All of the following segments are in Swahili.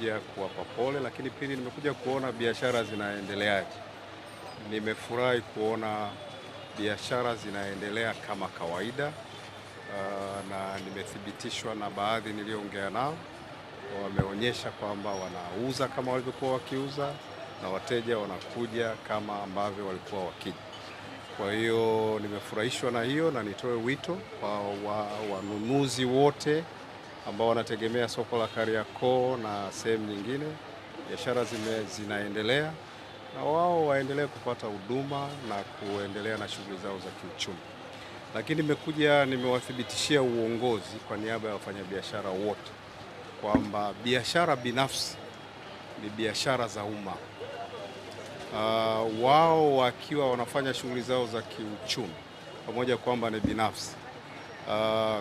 nimekuja kuwapa pole, lakini pili nimekuja kuona biashara zinaendeleaje. Nimefurahi kuona biashara zinaendelea kama kawaida, uh, na nimethibitishwa na baadhi niliyoongea nao, wameonyesha kwamba wanauza kama walivyokuwa wakiuza na wateja wanakuja kama ambavyo walikuwa wakija. Kwa hiyo nimefurahishwa na hiyo, na nitoe wito kwa wanunuzi wote ambao wanategemea soko la Kariakoo na sehemu nyingine, biashara zinaendelea na wao waendelee kupata huduma na kuendelea na shughuli zao za kiuchumi. Lakini nimekuja nimewathibitishia uongozi kwa niaba ya wafanyabiashara wote kwamba biashara binafsi ni biashara za umma. Uh, wao wakiwa wanafanya shughuli zao za kiuchumi pamoja kwamba ni binafsi uh,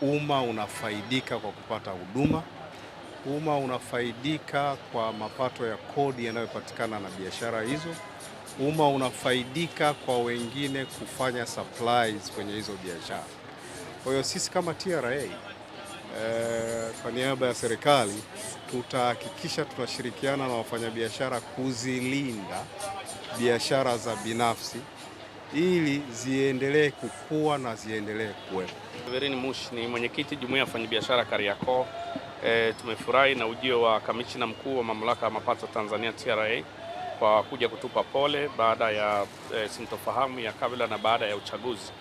umma unafaidika kwa kupata huduma, umma unafaidika kwa mapato ya kodi yanayopatikana na biashara hizo, umma unafaidika kwa wengine kufanya supplies kwenye hizo biashara. Kwa hiyo sisi kama TRA eh, kwa niaba ya serikali tutahakikisha tunashirikiana na wafanyabiashara kuzilinda biashara za binafsi ili ziendelee kukua na ziendelee kuwepo. Severini Mush ni mwenyekiti jumuiya ya wafanyabiashara Kariakoo. E, tumefurahi na ujio wa kamishina mkuu wa mamlaka ya mapato Tanzania TRA kwa kuja kutupa pole baada ya e, sintofahamu ya kabla na baada ya uchaguzi.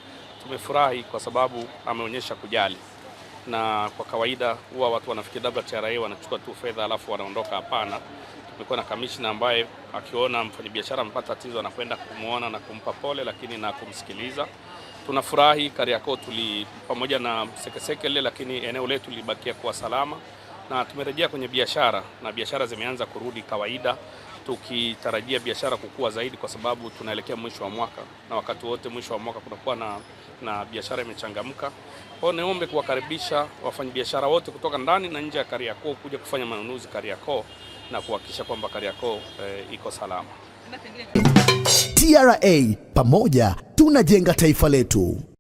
Tumefurahi kwa sababu ameonyesha kujali, na kwa kawaida huwa watu wanafikiri labda TRA wanachukua tu fedha alafu wanaondoka. Hapana, Tumekuwa na kamishna ambaye akiona mfanyabiashara amepata tatizo anakwenda kumwona na kumpa pole, lakini na kumsikiliza. Tunafurahi Kariakoo tuli pamoja na sekeseke lile, lakini eneo letu lilibakia kuwa salama na tumerejea kwenye biashara na biashara zimeanza kurudi kawaida, tukitarajia biashara kukua zaidi, kwa sababu tunaelekea mwisho wa mwaka, na wakati wote mwisho wa mwaka kunakuwa na, na biashara imechangamka. Kwa hiyo niombe kuwakaribisha wafanyabiashara wote kutoka ndani na nje ya Kariakoo kuja kufanya manunuzi Kariakoo na kuhakikisha kwamba Kariakoo e, iko salama. TRA pamoja tunajenga taifa letu.